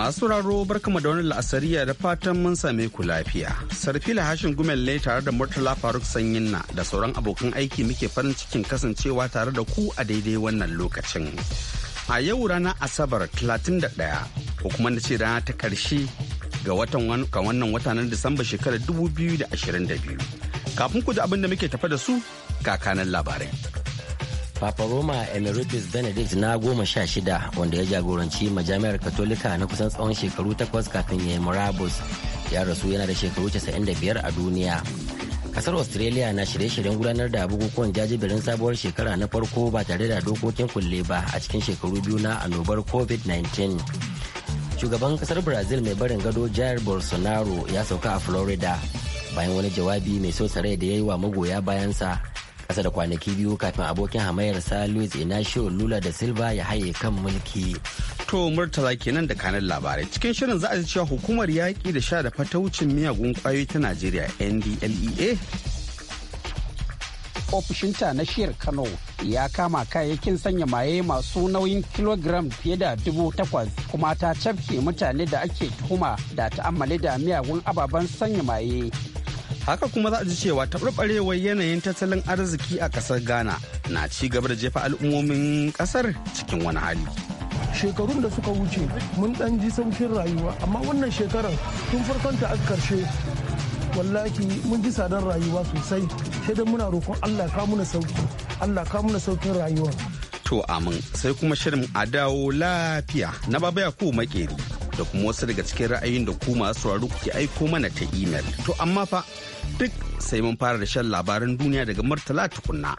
Masu raro barkama da wani la'asariya da fatan mun same ku lafiya. sarfi lahashin hashin ne tare da Murtala Faruk Sanyin na da sauran abokan aiki muke farin cikin kasancewa tare da ku a daidai wannan lokacin. A yau rana Asabar 31 ko kuma na ce rana ta karshe ga watan ga wannan wata na Disamba shekarar 2022. Kafin ku ji abin da muke tafa da su kakanan labarai. Papa Roma Emeritus Benedict na goma sha shida wanda ya jagoranci majami'ar Katolika na kusan tsawon shekaru takwas kafin ya yi murabus ya rasu yana da shekaru 95 a duniya. Kasar Australia na shirye-shiryen gudanar da bukukuwan jajibirin sabuwar shekara na farko ba tare da dokokin kulle ba a cikin shekaru biyu na annobar COVID-19. Shugaban kasar Brazil mai barin gado Jair Bolsonaro ya sauka a Florida bayan wani jawabi mai so rai da ya yi wa magoya bayansa kasa da kwanaki biyu kafin abokin hamayar sa luis inacio lula da silva ya haye kan mulki to murtala kenan da kanan labarai cikin shirin za a ji cewa hukumar yaƙi da sha da fataucin miyagun ƙwayoyi ta najeriya ndlea ofishinta na shiyar kano ya kama kayayyakin sanya maye masu nauyin kilogram fiye da dubu takwas kuma ta cafke mutane da ake tuhuma da ta'ammali da miyagun ababen sanya maye haka kuma za a ji cewa taɓarɓarewar yanayin tattalin arziki a ƙasar ghana na ci gaba da jefa al'ummomin ƙasar cikin wani hali shekarun da suka wuce mun ɗan ji saukin rayuwa amma wannan shekarar tun farkon ta aka karshe wallahi mun ji sadar rayuwa sosai sai dai muna roƙon allah ka muna sauki allah ka muna saukin rayuwa to amin sai kuma shirin a dawo lafiya na babaya ko makeri da kuma wasu daga cikin ra'ayin da ku masu sauraro kuke aiko mana ta imel. To amma fa duk sai mun fara da shan labaran duniya daga Murtala tukunna.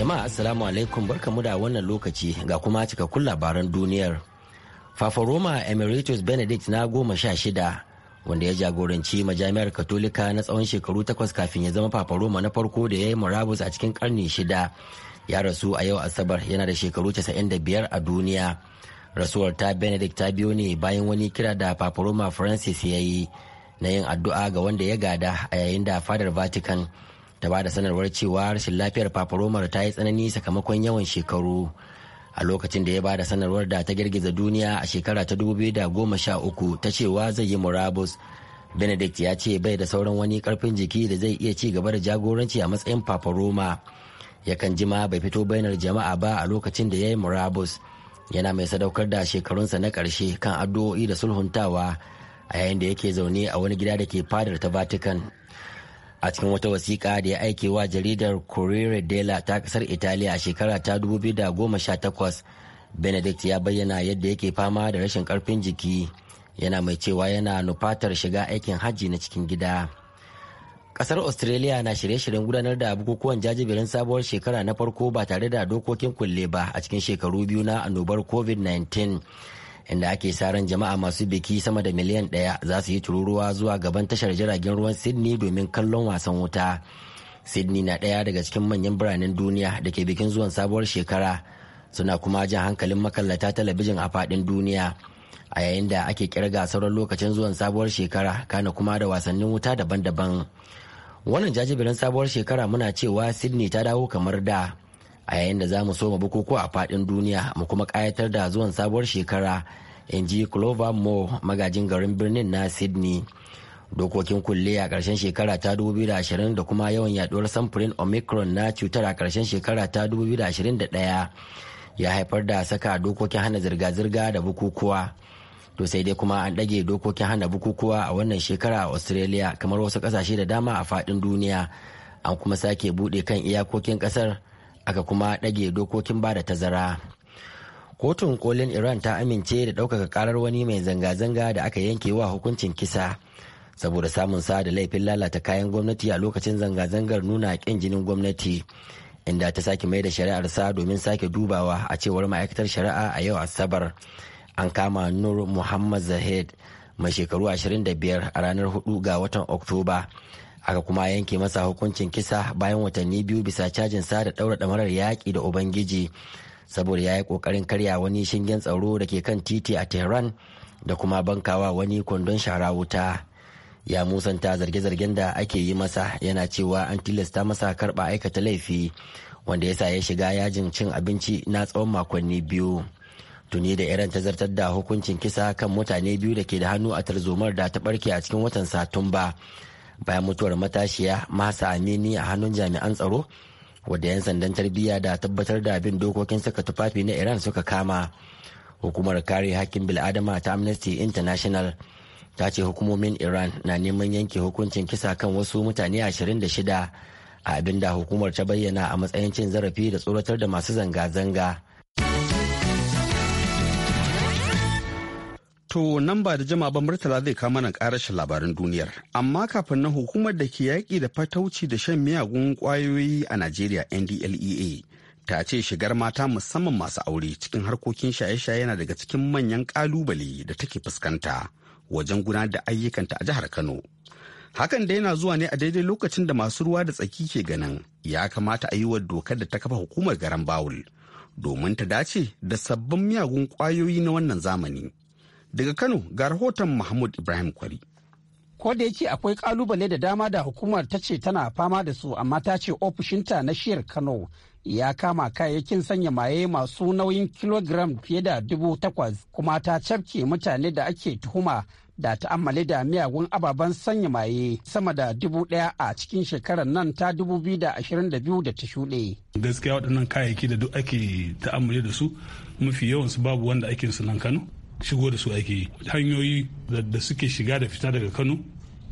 Jama'a Assalamu alaikum barkamu da wannan lokaci ga kuma cikakkun labaran duniyar. Fafaroma Emeritus Benedict na goma sha shida wanda ya jagoranci majami'ar Katolika na tsawon shekaru takwas kafin ya zama Fafaroma na farko da ya yi murabus a cikin karni shida ya rasu a yau asabar yana da shekaru 95 a duniya rasuwar ta benedict ta biyo ne bayan wani kira da paparoma francis ya yi na yin addu'a ga wanda ya gada a yayin da fadar vatican ta ba da sanarwar cewa rashin lafiyar paparomar ta yi tsanani sakamakon yawan shekaru a lokacin da ya ba da sanarwar da ta girgiza duniya a shekara ta da goma sha uku, ta cewa zai yi murabus benedict ya ce bai da sauran wani karfin jiki da zai iya ci gaba da jagoranci a matsayin paparoma yakan jima bai fito bayanar jama'a ba a lokacin da ya yi murabus yana mai sadaukar da shekarunsa na ƙarshe kan addu'o'i da sulhuntawa a yayin da yake zaune a wani gida da ke fadar ta vatican a cikin wata wasiƙa da ya aike wa jaridar corriere della ta ƙasar italiya a shekara ta da goma sha takwas, benedict ya bayyana yadda yake fama da rashin ƙarfin jiki yana mai cewa yana nufatar shiga aikin hajji na cikin gida. Kasar Australia na shirye-shiryen gudanar da bukukuwan jajibirin sabuwar shekara na farko ba tare da dokokin kulle ba a cikin shekaru biyu na annobar COVID-19. Inda ake sa ran jama'a masu biki sama da miliyan ɗaya za su yi tururuwa zuwa gaban tashar jiragen ruwan Sydney domin kallon wasan wuta. Sydney na ɗaya daga cikin manyan biranen duniya da ke bikin zuwan sabuwar shekara suna kuma jan hankalin makallata talabijin a faɗin duniya. a yayin da ake kirga sauran lokacin zuwan sabuwar shekara kana kuma da wasannin wuta daban-daban wannan jajibirin sabuwar shekara muna cewa sydney ta dawo kamar da a yayin da za mu soma bukukuwa a faɗin duniya mu kuma kayatar da zuwan sabuwar shekara in ji clover mo magajin garin birnin na sydney dokokin kulle a ƙarshen shekara ta 2020 da kuma yawan yaduwar samfurin omicron na cutar a ƙarshen shekara ta 2021 ya haifar da saka dokokin hana zirga-zirga da bukukuwa to sai dai kuma an ɗage dokokin hana bukukuwa a wannan shekara a australia kamar wasu ƙasashe da dama a faɗin duniya an kuma sake buɗe kan iyakokin ƙasar aka kuma ɗage dokokin ba da tazara kotun kolin iran ta amince da ɗaukaka karar wani mai zanga-zanga da aka yanke wa hukuncin kisa saboda samun sa da laifin lalata kayan gwamnati a lokacin zanga-zangar nuna ƙin jinin gwamnati inda ta sake mai da shari'ar sa domin sake dubawa a cewar ma'aikatar shari'a a yau asabar an kama nur muhammad zahid mai shekaru 25 a ranar 4 ga watan oktoba aka kuma yanke masa hukuncin kisa bayan watanni biyu bisa cajin sa da daura damarar yaƙi da ubangiji saboda ya yi ƙoƙarin karya wani shingen tsaro da ke kan titi a tehran da kuma bankawa wani kwandon shara wuta ya musanta zarge-zargen da ake yi masa yana cewa an tilasta masa karɓa aikata laifi wanda ya sa ya shiga yajin cin abinci na tsawon makonni biyu. tuni da iran ta zartar da hukuncin kisa kan mutane biyu da ke da hannu a tarzomar da ta barke a cikin watan satumba bayan mutuwar matashiya masa amini a hannun jami'an tsaro wadda 'yan sandan tarbiyya da tabbatar da bin dokokin saka tufafi na iran suka kama hukumar kare hakkin bil'adama ta amnesty international ta ce hukumomin iran na neman yanke hukuncin kisa kan wasu mutane ashirin 26 a abinda hukumar ta bayyana a matsayin cin zarafi da tsoratar da masu zanga-zanga. To nan ba da jama'a ba Murtala zai kama nan karashin labarin duniyar. Amma kafin nan hukumar da ke yaƙi da fatauci da shan miyagun ƙwayoyi a Najeriya NDLEA ta ce shigar mata musamman masu aure cikin harkokin shaye-shaye yana daga cikin manyan ƙalubale da take fuskanta wajen gudanar da ayyukanta a jihar Kano. Hakan da yana zuwa ne a daidai lokacin da masu ruwa da tsaki ke ganin ya kamata a yi wa dokar da ta kafa hukumar garan bawul domin ta dace da sabbin miyagun ƙwayoyi na wannan zamani. Daga Kano ga rahoton Mahmud Ibrahim Kwari. Ko da yake akwai kalubale da dama da hukumar ta ce tana fama da su amma ta ce ofishinta na shiyar Kano ya kama kayayyakin sanya maye masu nauyin kilogram fiye da dubu takwas kuma ta cafke mutane da ake tuhuma da ta'ammali da miyagun ababen sanya maye sama da dubu daya a cikin shekarar nan ta dubu biyu da ashirin da biyu da ta shuɗe. gaskiya waɗannan kayayyaki da duk ake ta'ammali da su mafi yawansu babu wanda ake su nan kano shigo da su ake hanyoyi da suke shiga da fita daga kano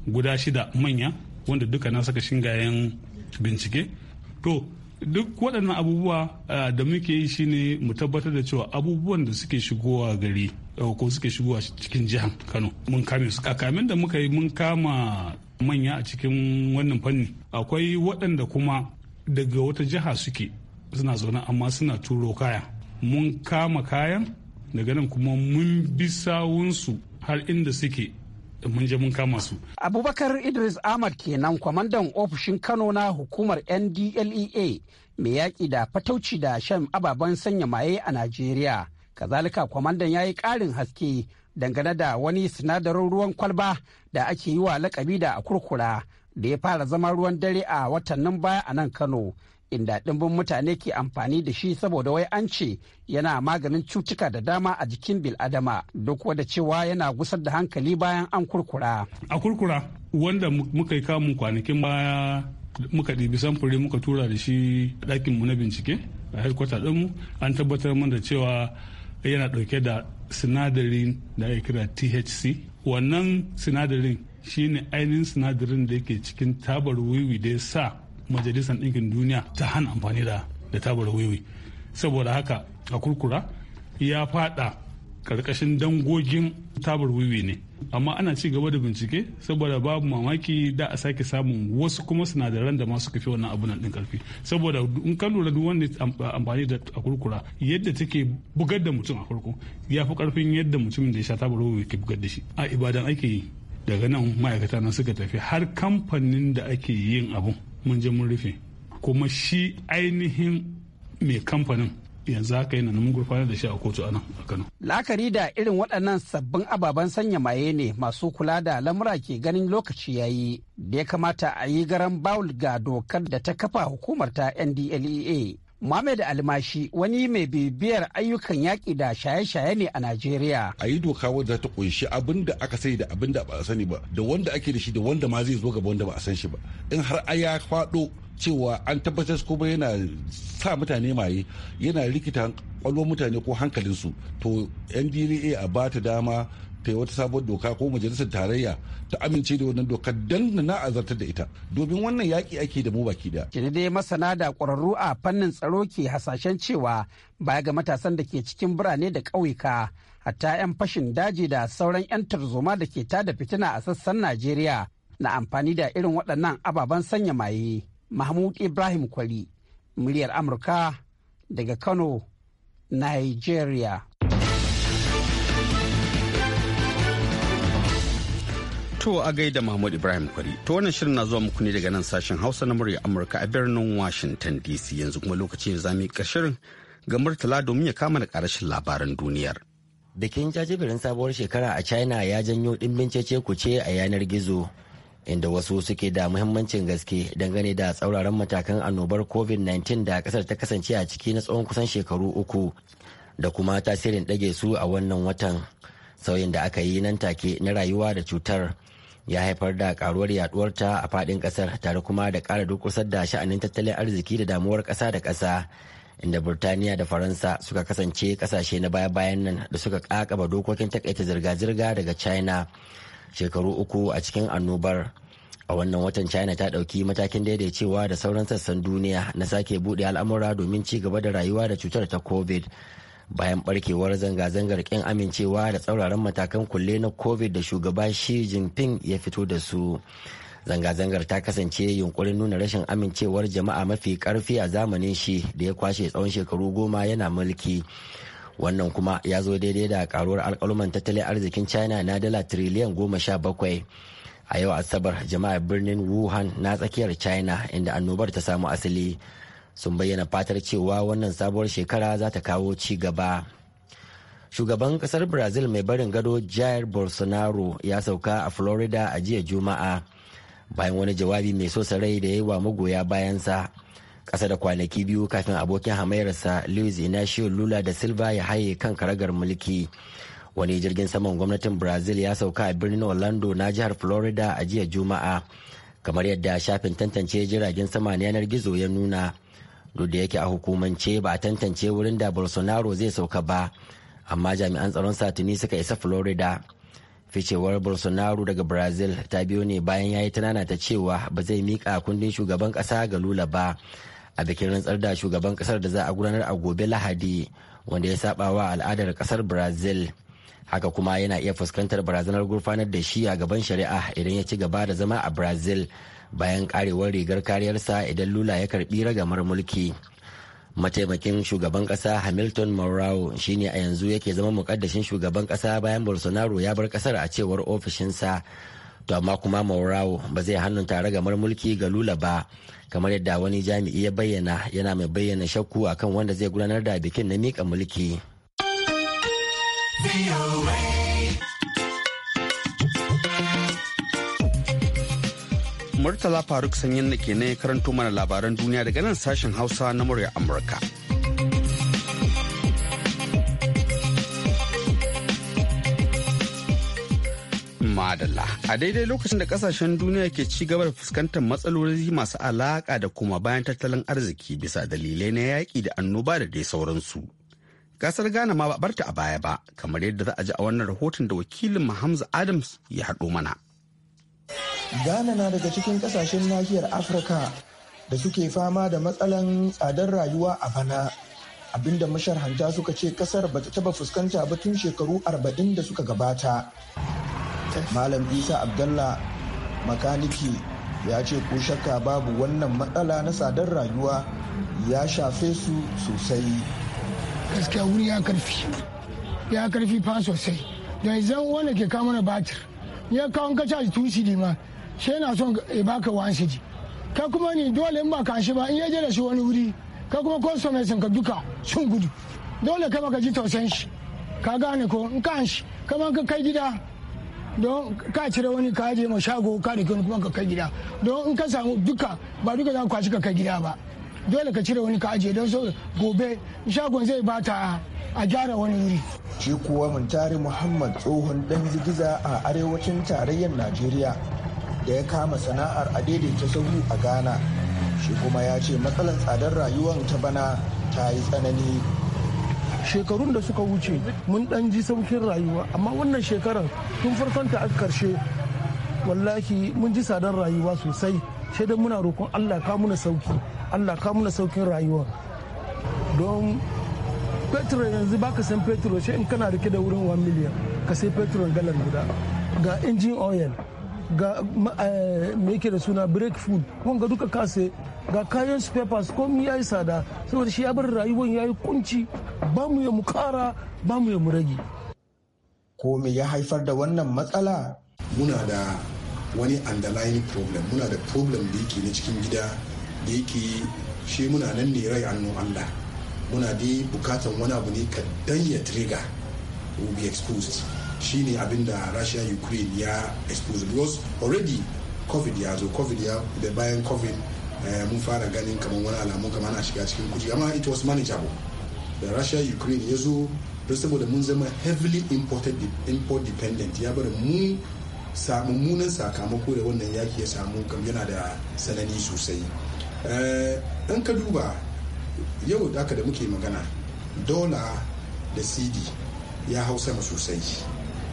guda shida manya wanda duka na saka shingayen bincike to duk waɗannan abubuwa da muke yi shine mu tabbatar da cewa abubuwan da suke shigowa gari ko suke shigowa cikin jihar kano mun kame su kakamin da muka yi mun kama manya a cikin wannan fanni akwai waɗanda kuma daga wata jiha suke suna zaune amma suna turo kaya mun kama kayan daga nan kuma mun bi sawunsu har inda suke mun je mun kama su. Abubakar Idris Ahmad kenan kwamandan ofishin Kano na hukumar NDLEA mai yaƙi da fatauci da shan ababen sanya maye a Najeriya. Kazalika kwamandan ya yi ƙarin haske dangane da wani sinadarin ruwan kwalba da ake yi wa lakabi da a kurkura da ya fara zama ruwan dare a watannin baya a nan Kano inda ɗimbin mutane ke amfani da shi saboda wai an ce yana maganin cutuka da dama a jikin biladama duk wada cewa yana gusar da hankali bayan an kurkura. A kurkura wanda muka yi kamun kwanakin baya muka ɗibi samfuri muka tura da shi ɗakin mu na bincike a headquarter mu an tabbatar mana da cewa yana ɗauke da sinadarin da ake kira THC wannan sinadarin shine ainihin sinadarin da yake cikin tabar wiwi da ya sa majalisar ɗinkin duniya ta hana amfani da da tabar wiwi saboda haka a kurkura ya fada karkashin dangogin tabar wiwi ne amma ana ci gaba da bincike saboda babu mamaki da a sake samun wasu kuma sinadaran da masu kafi wannan abunan din karfi saboda in kan lura duk wanda amfani da a kurkura yadda take bugar da mutum a farko ya fi karfin yadda mutumin da ya sha tabar wewe ke bugar da shi a ibadan ake yi daga nan ma'aikata na suka tafi har kamfanin da ake yin abun mun je mun rufe kuma shi ainihin mai kamfanin yanzu haka yana mun gurfanar da shi a kotu anan a Kano. La'akari da irin waɗannan sabbin ababen sanya maye ne masu kula da lamura ke ganin lokaci ya yi da ya kamata a yi garan bawul ga dokar da ta kafa hukumar ta NDLEA Mohamed Almashi wani mai bibiyar ayyukan yaƙi da shaye-shaye ne a Najeriya. A yi doka wadda ta kunshi abin da aka sani da abin da ba a sani ba, da wanda ake da shi da wanda ma zai zo gaba wanda ba a san shi ba. In har a ya faɗo cewa an tabbatar kuma yana sa mutane maye yana rikita kwallon mutane ko hankalinsu to NDA a bata dama ta yi wata sabuwar doka ko majalisar tarayya ta amince da wannan dokar dan na azartar da ita domin wannan yaƙi ake da mu baki da. Kini dai masana da ƙwararru a fannin tsaro ke hasashen cewa baya ga matasan da ke cikin birane da ƙauyuka hatta 'yan fashin daji da sauran 'yan tarzoma da ke tada fitina a sassan Najeriya na amfani da irin waɗannan ababen sanya maye. Mahmud Ibrahim Kwali, muryar Amurka daga Kano, Nigeria. To a gaida Mahmud Ibrahim Kwari. To wannan shirin na zuwa muku ne daga nan sashen Hausa na murya Amurka a birnin Washington DC yanzu kuma lokacin za mu shirin ga Murtala domin ya kama da karashin labaran duniyar. Bikin jajibirin sabuwar shekara a China ya janyo dimbin cece ce a yanar gizo inda wasu suke da muhimmancin gaske dangane da tsauraran matakan annobar COVID-19 da kasar ta kasance a ciki na tsawon kusan shekaru uku da kuma tasirin ɗage su a wannan watan sauyin da aka yi nan take na rayuwa da cutar. ya haifar da karuwar yaduwarta a fadin kasar tare kuma da kara durkusar da sha'anin tattalin arziki da damuwar kasa da kasa inda burtaniya da faransa suka kasance kasashe na baya-bayan nan da suka kakaba dokokin takaita zirga-zirga daga china shekaru uku a cikin annobar a wannan watan china ta dauki matakin daidaicewa da sauran sassan duniya na sake buɗe al'amura domin ci gaba da rayuwa da cutar ta covid bayan barkewar zanga-zangar kin amincewa da tsauraran matakan kulle na covid da shugaba shi jinping ya fito da su zanga-zangar ta kasance yunkurin nuna rashin amincewar jama'a mafi karfi a zamanin shi da ya kwashe tsawon shekaru goma yana mulki wannan kuma ya zo daidai da karuwar alkaluman tattalin arzikin china na dala triliyan goma sha bakwai a yau asabar jama'a birnin wuhan na tsakiyar china inda annobar ta samu asali sun bayyana fatar cewa wannan sabuwar shekara za ta kawo ci gaba shugaban kasar brazil mai barin gado jair bolsonaro ya sauka a florida a jiya juma'a bayan wani jawabi mai so sarai da ya yi wa magoya bayansa kasa da kwanaki biyu kafin abokin hamayarsa luis inacio lula da silva ya haye kan karagar mulki wani jirgin saman gwamnatin brazil ya sauka a birnin orlando na jihar florida a jiya juma'a kamar yadda shafin tantance jiragen sama na yanar gizo ya nuna duk da yake a hukumance ba a tantance wurin da bolsonaro zai sauka ba amma jami'an tsaron satini suka isa florida ficewar bolsonaro daga brazil ta biyo ne bayan ya yi tanana ta cewa ba zai miƙa kundin shugaban ƙasa ga lula ba a bikin rantsar da shugaban ƙasar da za a gudanar a gobe lahadi wanda ya saba wa al'adar ƙasar brazil haka kuma yana iya fuskantar barazanar gurfanar da shi a gaban shari'a idan ya ci gaba da zama a brazil bayan karewar rigar kariyarsa idan lula ya karbi ragamar mulki mataimakin shugaban kasa hamilton morau shine a yanzu yake zama mukaddashin shugaban kasa bayan bolsonaro ya bar kasar a cewar ofishinsa to amma kuma morau ba zai hannun ragamar mulki ga lula ba kamar yadda wani jami'i ya bayyana yana mai bayyana shakku akan wanda zai gudanar da bikin na mika mulki. Murtala Faruk Sanyin da ke ne karanto mana labaran duniya daga nan sashen Hausa na murya Amurka. Madalla. A daidai lokacin da kasashen duniya ke ci gaba da fuskantar matsaloli masu alaka da kuma bayan tattalin arziki bisa dalilai na yaƙi da annoba da dai sauransu. Gasar Ghana ma ba barta a baya ba, kamar yadda za a ji a wannan rahoton da wakilin Hamza Adams ya haɗo mana. ghana na daga cikin kasashen nahiyar afirka da suke fama da matsalan tsadar rayuwa a bana abinda masharhanta suka ce kasar ba ta taba fuskanta ba tun shekaru 40 da suka gabata malam isa abdallah makaniki ya ce ko shakka babu wannan matsala na tsadar rayuwa ya shafe su sosai gaskiya wuri ya karfi ya karfi fa sosai da zan wanda ke kawo mana batir ya kawo kaca tusi ne ma shi yana son ya baka wa ji ka kuma ni dole in ba ka shi ba in ya je da shi wani wuri ka kuma consumer ka duka sun gudu dole ka baka ji tausayin shi ka gane ko in ka shi kama ka kai gida don ka cire wani ka je ma shago ka da kuma ka kai gida don in ka samu duka ba duka za ka kwashi ka kai gida ba dole ka cire wani ka ajiye don so gobe shagon zai bata a gyara wani wuri. Shi kuwa Muntari Muhammad tsohon dan zigiza a arewacin tarayyar Najeriya da ya kama sana'ar a daidaita sahu a ghana shi kuma ya ce matsalar tsadar rayuwar ta bana ta yi tsanani shekarun da suka wuce mun dan ji saukin rayuwa amma wannan shekarar tun farkon ta aka karshe wallahi mun ji tsadar rayuwa sosai sai dai muna roƙon allah ka muna sauki allah ka muna saukin rayuwa don petro yanzu baka san petro sai in kana rike da wurin 1 miliyan ka sai petro galan guda ga injin oil ga mai eh, yake da suna break food wanga duka kase ga kayan su papers komi ya yi tsada saboda shi ya bar rayuwar ya yi kunci ba mu ya mu kara ba mu ya mu rage ko me ya haifar da wannan matsala muna da wani underlying problem muna da problem da yake na cikin gida da yake shi muna nan ne rai annu Allah muna dai bukatan wani abu ne kadan ya trigger will be exposed shine abin da Russia Ukraine ya expose because already covid ya zo covid ya da bayan covid eh, mun fara ganin kamar wani alamu kama na shiga cikin kuji amma it was manageable da Russia Ukraine ya zo don saboda mun zama heavily imported import dependent ya bari mu mummunan sakamako da wannan yaki ya samu kam yana da sanani sosai eh, in ka duba yau da aka da muke magana dola da cd ya hau sama sosai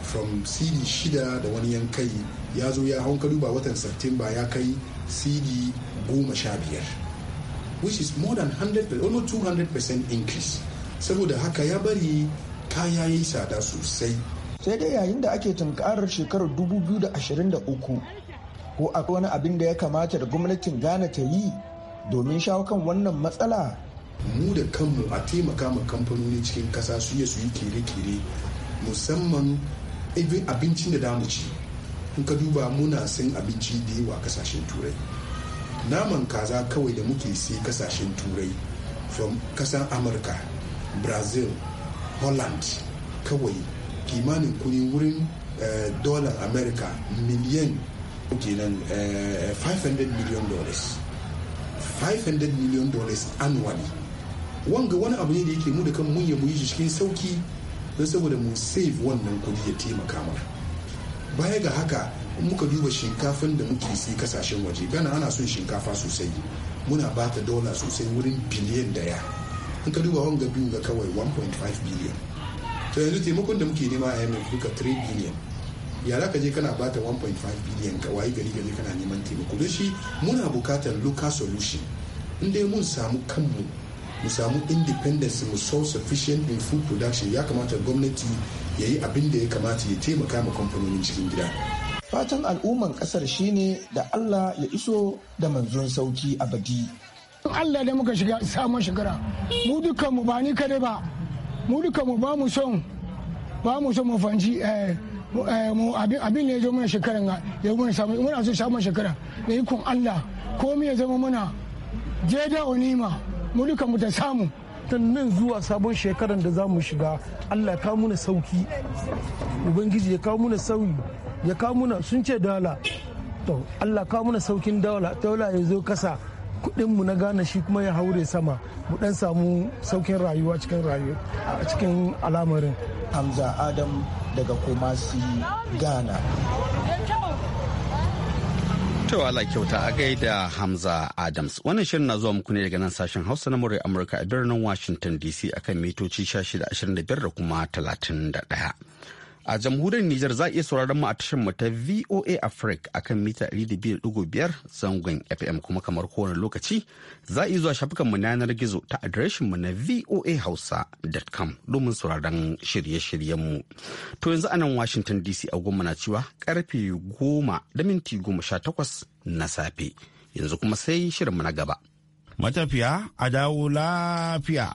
from cd shida da wani yankai ya zo ya hau ka watan satumba ya kai cd goma sha biyar which is more than 100 almost 200% increase saboda haka ya bari kaya yi tsada sosai sai dai yayin da ake tunkarar shekarar 2023 ko akwai wani abin da ya kamata da gwamnatin ghana ta yi domin shawo kan wannan matsala mu da kanmu a taimaka ma kamfanoni cikin kasa su su yi kere-kere musamman abin abincin da damu ci in ka duba muna san abinci da yawa kasashen turai naman kaza kawai da muke sai kasashen turai from kasan amurka brazil holland kawai kimanin kuni wurin eh, dollar america miliyan kenan 500 eh, million dollars 500 million dollars annually wanga wani abu ne da yake mu da kan mun muyi shi cikin sauki don saboda mu save wannan kuɗi ya taimaka mana baya ga haka in muka duba shinkafan da muke sai kasashen waje gana ana son shinkafa sosai muna ba ta dola sosai wurin biliyan daya in ka duba wanga biyu ga kawai 1.5 biliyan to yanzu taimakon da muke nema a imf duka 3 biliyan yara ka je kana bata 1.5 biliyan ka wayi gari gari kana neman taimako da shi muna bukatar local solution in dai mun samu kanmu mu samu independence mu so sufficient in food production ya kamata gwamnati ya yi abin da ya kamata ya taimaka ma kamfanonin cikin gida fatan al'umman kasar shine da allah ya iso da manzon sauki abadi allah da muka shiga samun shigara mu dukkan mu ba ni kare ba mu dukkan mu ba mu son ba mu son mu fanci eh, eh, abin da ya zo mana shekaran ya muna samu muna so samun shekara da ikon allah komi ya zama mana jeda onima mu da mu ta samu tun nan zuwa sabon shekaran da za mu shiga allah ya kawo muna sauki ubangiji ya kawo muna sauyi ya kawo muna sun ce dala to allah kawo muna saukin dala dala ya zo kasa kudin mu na gane shi kuma ya haure sama mu dan samu saukin rayuwa cikin rayuwa a cikin al'amarin hamza adam daga kumasi ghana To Allah kyauta a gaida Hamza Adams. Wannan shirin na zuwa muku ne daga nan sashen Hausa na murya Amurka a birnin Washington DC akan mitoci da 25 da kuma 31. a jamhuriyar Nijar za a iya sauraron mu a tashar mu ta VOA Africa akan mita 200.5 zangon FM kuma kamar kowane lokaci za a iya zuwa shafukan mu na yanar gizo ta adireshin mu na voahausa.com domin sauraron shirye-shiryen mu. To yanzu anan Washington DC goma na cewa karfe goma da minti goma sha takwas na safe. Yanzu kuma sai shirin mu na gaba. Matafiya a dawo lafiya.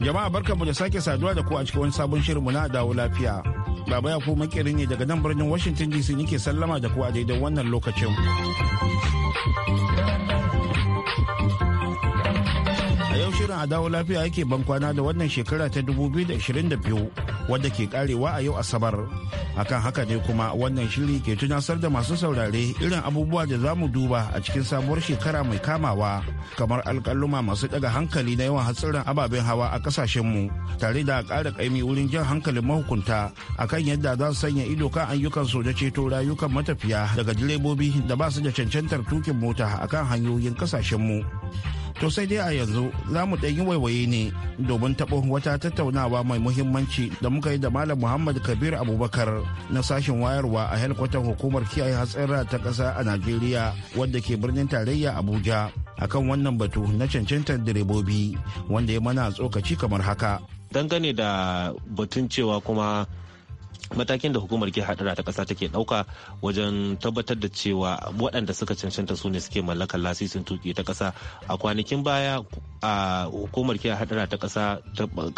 Jama'a barkanmu da sake saduwa da ku a cikin wani sabon shirinmu na dawo lafiya. Baba ya ko makeri ne daga nan birnin Washington DC nike sallama da ku a daidai wannan lokacin. a yau shirin a dawo lafiya yake ban kwana da wannan shekara ta 2022 wadda ke karewa a yau asabar akan haka ne kuma wannan shiri ke tunasar da masu saurare irin abubuwa da za mu duba a cikin sabuwar shekara mai kamawa kamar alkaluma masu daga hankali na yawan hatsarin ababen hawa a mu tare da ƙara kaimi wurin jan hankalin mahukunta akan yadda za su sanya ido kan ayyukan su da ceto rayukan matafiya daga direbobi da ba su da cancantar tukin mota akan hanyoyin kasashen mu To sai dai a yanzu za mu yi waiwaye ne domin taɓo wata tattaunawa mai muhimmanci da muka yi da Malam Muhammad Kabir Abubakar na sashen wayarwa a helkwatan hukumar kiyaye hatsara ta ƙasa a Najeriya wadda ke birnin tarayya Abuja akan wannan batu na cancantar direbobi wanda ya mana tsokaci kamar haka. Dangane da batun cewa kuma matakin da hukumar ke hadara ta kasa take dauka wajen tabbatar da cewa waɗanda suka cancanta su ne suke mallakar lasisin tuki ta kasa a kwanakin baya a hukumar ke hadara ta kasa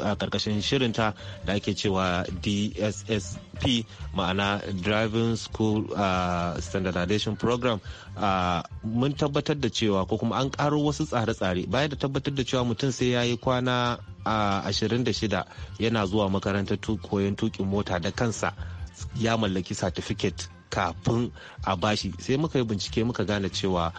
a karkashin shirinta da ake cewa dssp ma'ana driving school standardization program mun tabbatar da cewa ko kuma an karo wasu tsare-tsare bayan da tabbatar da cewa mutum sai ya yi kwana a 26 yana zuwa makarantar koyon tukin mota da kansa ya mallaki satifiket kafin a bashi sai muka yi bincike muka gane cewa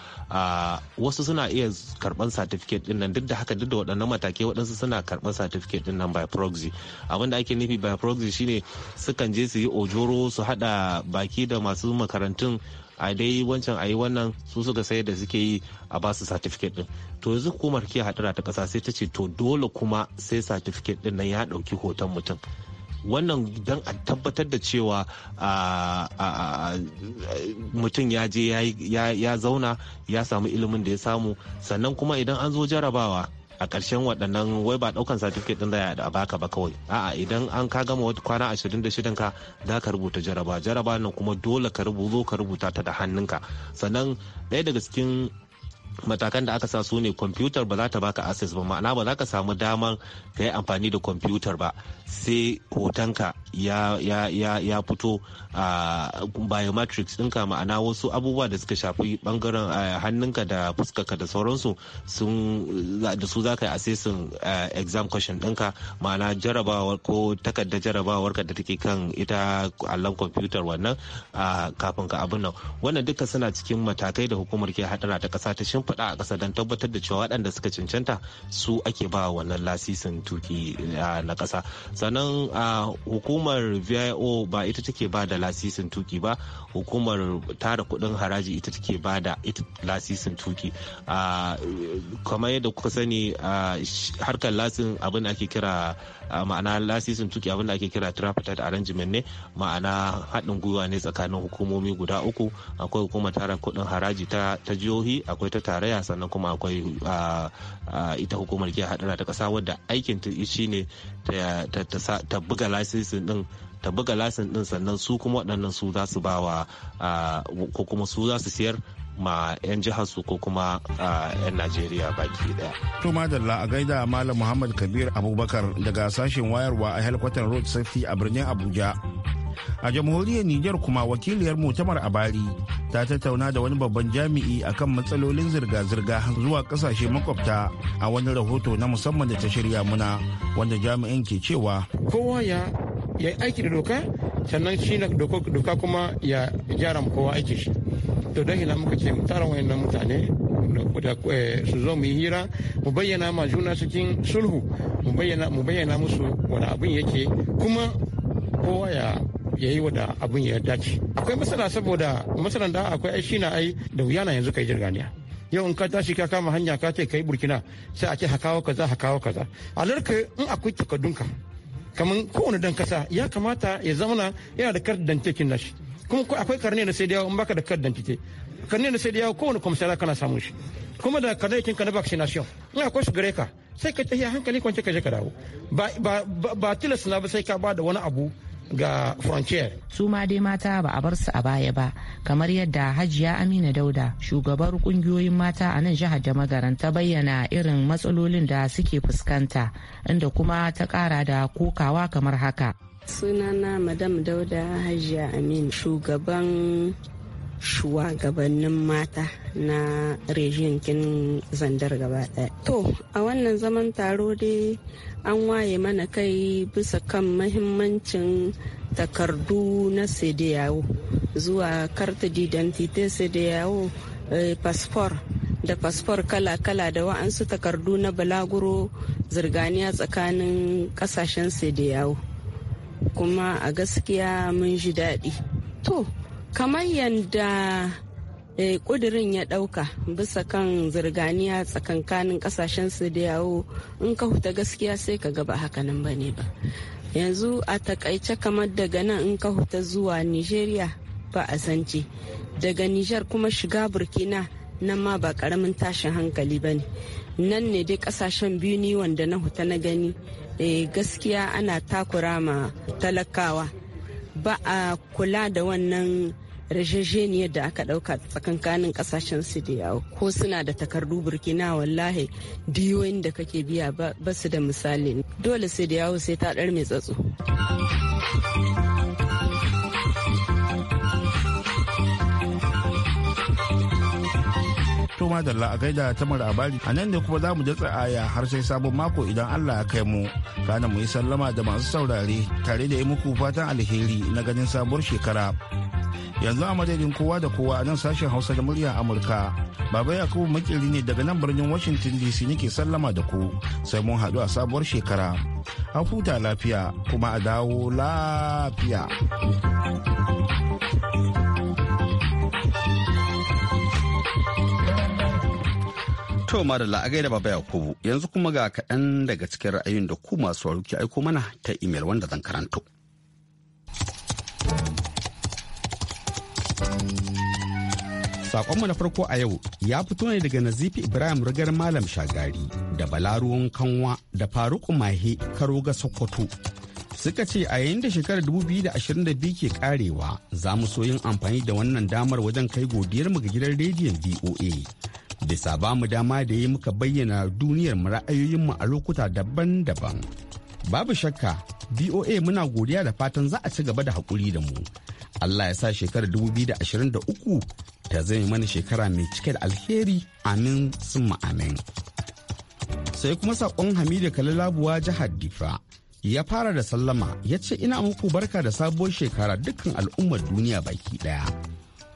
wasu suna iya karban satifiket din nan duk da haka duk da waɗannan matakai waɗansu suna karban satifiket din nan by proxy abin da ake nufi by proxy shine sukan je su yi ojoro su haɗa baki da masu makarantun a dai wancan a yi wannan su suka sayar da suke yi a ba su certificate din to yanzu hukumar ke hadura ta kasa sai ta ce to dole kuma sai satifiket din nan ya dauki hoton mutum wannan don a tabbatar da cewa mutum ya je ya zauna ya samu ilimin da ya samu sannan kuma idan an zo jarabawa a ƙarshen waɗannan wai ba ɗaukan certificate ɗin da a baka ba kawai a'a idan an ka gama wata kwana ashirin da shidan ka za ka rubuta jaraba jaraba nan kuma dole ka ka rubuta ta da hannunka sannan ɗaya daga cikin matakan da aka sa su ne kwamfutar ba za ta baka access ba ma'ana ba za ka samu damar ka yi amfani da kwamfutar ba sai hotonka ya ya fito a biometrics ɗinka ma'ana wasu abubuwa da suka shafi bangaren eh, hannunka da fuskarka da sauransu sun da su za ka yi assessin eh, exam question ɗinka ma'ana jarabawar ko takardar jarabawar da take kan ita allon kwamfutar wannan ah, kafin ka abin nan wannan duka suna cikin matakai da hukumar ke hadara ta ƙasa ta karfin faɗa a ƙasa don tabbatar da cewa waɗanda suka cancanta su ake ba wannan lasisin tuki na ƙasa sannan hukumar vio ba ita take ba da lasisin tuki ba hukumar tara kuɗin haraji ita take ba da lasisin tuki kamar yadda kuka sani harkar lasin abin ake kira ma'ana lasisin tuki abin da ake kira tripartite arrangement ne ma'ana haɗin gwiwa ne tsakanin hukumomi guda uku akwai hukumar tara kuɗin haraji ta jihohi akwai ta tarayya sannan kuma akwai ita hukumar ke hadura ta kasa wadda aikin ta ne ta buga lasisin din ta buga lasin din sannan su kuma waɗannan su za su bawa ko kuma su za su siyar ma 'yan jihar su ko kuma 'yan najeriya baki daya. to madalla a gaida malam muhammad kabir abubakar daga sashen wayarwa a helikwatar road safety a birnin abuja a jamhuriyar niger kuma wakiliyar mutamar bari ta tattauna da wani babban jami'i akan matsalolin zirga-zirga zuwa kasashe makwabta a wani rahoto na musamman da ta shirya muna wanda jami'in ke cewa kowa ya yi aiki da doka sannan shi na doka kuma ya gyara kowa aiki shi to don ina muka ce mu tara wayannan mutane eh, su zo mu yi hira mu bayyana ma juna cikin sulhu mu bayyana musu wani abin yake kuma kowa ya ya yi wada abin ya dace akwai matsala saboda matsalan da akwai ai shi na ai da wuya na yanzu kai jirganiya yau in ka tashi ka kama hanya ka ce kai burkina sai a ce wa kaza wa kaza alarka in akwai takardunka kamar kowane dan kasa ya kamata ya zamana yana da kardan cikin nashi kuma akwai karne na sai da yawo in baka da kar cike karne na sai da yawo kowane kwamsala kana samun shi kuma da kadaikin ka na vaccination in akwai shi ka sai ka tafiya hankali kwance ka je ka dawo ba tilas na ba sai ka ba da wani abu ga frontier su ma dai mata ba a bar su a baya ba kamar yadda hajiya amina dauda shugabar kungiyoyin mata a nan jihar da ta bayyana irin matsalolin da suke fuskanta inda kuma ta kara da kokawa kamar haka sunana madam dauda hajiya amin shugaban shugabannin mata na rejinkin zandar gaba daya. To, a wannan zaman taro dai an waye mana kai bisa kan mahimmancin takardu na CDAO zuwa karta didantite CDAO eh, da fasfor kala-kala da wa'ansu takardu na balaguro zirganiya tsakanin kasashen yawo Kuma a gaskiya mun ji daɗi. To, kamar yadda kudirin eh, ya dauka bisa kan zirganiya tsakankanin kasashen su da yawo in ka huta gaskiya sai ka gaba hakanan ba ne ba yanzu a takaice kamar daga nan in ka huta zuwa nigeria ba a sanci daga niger kuma shiga burkina nan ma ba karamin tashin hankali ba ne nan ne dai kasashen biyu ni wanda na huta na gani eh, gaskiya ana takura ma talakawa ba a kula da wannan rajajeniyar da aka ɗauka tsakankanin kasashen su da yawo ko suna da takardu burkina wallahi diyoyin da kake biya ba su da misali dole sai da yawo sai ta dar mai tsatso. to madalla a gaida ta abari a nan ne kuma za mu datsa aya har sai sabon mako idan Allah ya kai mu kana mu yi sallama da masu saurare tare da yi muku fatan alheri na ganin sabuwar shekara yanzu a madadin kowa da kowa a nan sashen hausa da murya amurka baba yakubu makiri ne daga nan birnin washington dc nake sallama da ku sai mun haɗu a sabuwar shekara a huta lafiya kuma a dawo lafiya To Madalla a gaida Baba Yakubu yanzu kuma ga kaɗan daga cikin ra'ayin da ku masu ke aiko mana ta imel wanda zan karanto. Sakonmu na farko a yau ya fito ne daga Nazifi Ibrahim Rigar Malam Shagari da Balaruwan Kanwa da Faruku Mahe karo ga Sokoto. Suka ce a yayin da shekarar 2022 ke karewa za mu so yin amfani da wannan damar wajen kai godiyar mu ga gidan rediyon VOA. Bisa ba mu dama da yi muka bayyana duniyar mu ra'ayoyinmu a lokuta daban-daban. Babu shakka, VOA muna godiya da fatan za a ci gaba da haƙuri da mu. Allah ya sa shekarar 2023 ta zai mana shekara mai cike da alheri amin sun amin. Sai kuma saƙon Hamidu Kalalabuwa jihar Difa ya fara da sallama ya ce ina muku barka da sabuwar shekara dukkan al'ummar duniya baki ɗaya.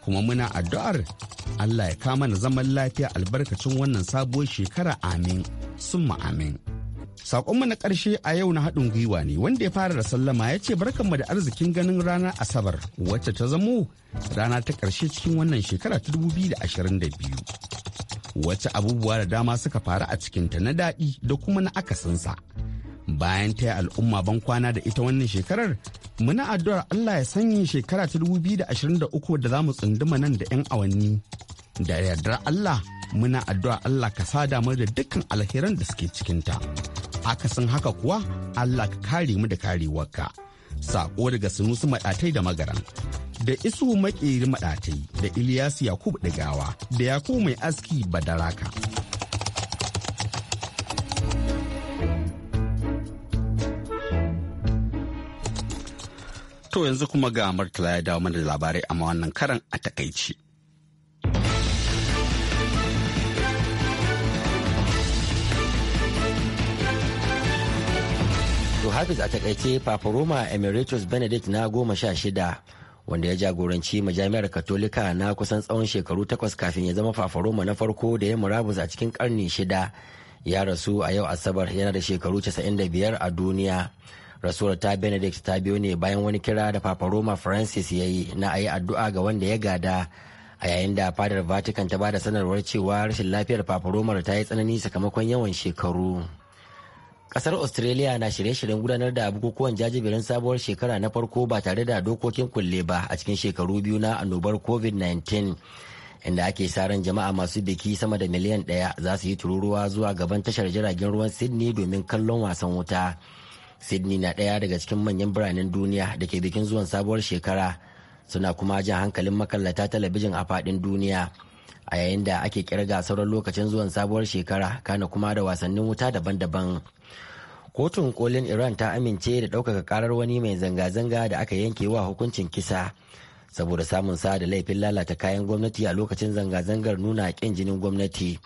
Kuma muna addu'ar Allah ya kama na zaman lafiya albarkacin wannan sabuwar shekara amin sun amin. Sakonmu na ƙarshe a yau na haɗin gwiwa ne wanda ya fara da sallama ya ce barkanmu da arzikin ganin ranar Asabar wacce ta zamo rana ta ƙarshe cikin wannan shekara ta 2022. Wacce abubuwa da dama suka faru a cikinta na daɗi da kuma na akasinsa. Bayan ta yi al'umma ban kwana da ita wannan shekarar, muna addu'ar Allah ya sanya shekara ta 2023 da za mu tsunduma nan da 'yan awanni. Da yardar Allah, muna addu'a Allah ka sa damar da dukkan alheran da suke cikinta. akasin haka kuwa Allah ka kare mu da karewarka. Sako daga Sunusu Maɗatai da Magaran, da Isu Maƙeri Maɗatai, da Ilyasu Yakub Ɗigawa, da yaku Mai Aski Badaraka. To yanzu kuma ga Murtala ya dawo mana labarai amma wannan karan a takaici. wato hafiz a takaice paparoma emeritus benedict na goma sha shida wanda ya jagoranci majami'ar katolika na kusan tsawon shekaru takwas kafin ya zama fafaroma na farko da ya murabus a cikin karni shida ya rasu a yau asabar yana da shekaru 95 a duniya rasuwar ta benedict ta biyo ne bayan wani kira da paparoma francis ya yi na a yi addu'a ga wanda ya gada a yayin da fadar vatican ta ba da sanarwar cewa rashin lafiyar paparomar ta yi tsanani sakamakon yawan shekaru Kasar Australia na shirye-shiryen gudanar da bukukuwan jajibirin sabuwar shekara na farko ba tare da dokokin kulle ba a cikin shekaru biyu na annobar COVID-19. Inda ake sa ran jama'a masu biki sama da miliyan ɗaya za su yi tururuwa zuwa gaban tashar jiragen ruwan Sydney domin kallon wasan wuta. Sydney na ɗaya daga cikin manyan biranen duniya da ke bikin zuwan sabuwar shekara suna kuma jan hankalin makallata talabijin a faɗin duniya a yayin da ake kirga sauran lokacin zuwan sabuwar shekara kana kuma da wasannin wuta daban-daban. kotun kolin iran ta amince da ɗaukaka karar wani mai zanga-zanga da aka yanke wa hukuncin kisa saboda samun sa da laifin lalata kayan gwamnati a lokacin zanga-zangar nuna ƙin jinin gwamnati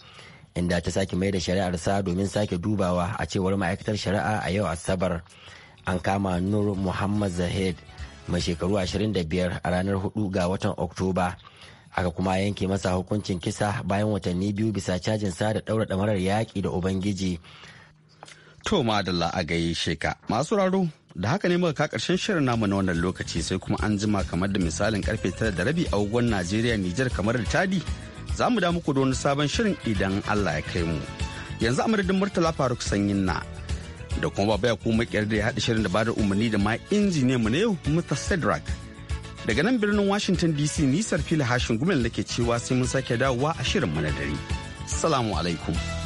inda ta sake mai da shari'ar sa domin sake dubawa a cewar ma'aikatar shari'a a yau asabar an kama nur muhammad zahid mai shekaru 25 a ranar 4 ga watan oktoba aka kuma yanke masa hukuncin kisa bayan watanni biyu bisa cajin sa da ɗaura ɗamarar yaƙi da ubangiji To madalla a gaishe sheka Masu raro da haka ne muka ka karshen shirin namu na wannan lokaci sai kuma an jima kamar da misalin karfe tara da rabi a ugon Najeriya Nijar kamar da Tadi. Za mu da muku da wani sabon shirin idan Allah ya kai mu. Yanzu a madadin Murtala Faruk Sanyin na da kuma baba ya kuma kyar da ya haɗa shirin da bada umarni da ma injiniya mu ne yau Mr. Cedric. Daga nan birnin Washington DC nisar fili hashin gumel ke cewa sai mun sake dawowa a shirin mu na dare. Salamu alaikum.